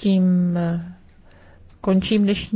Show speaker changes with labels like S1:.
S1: tím končím dnešní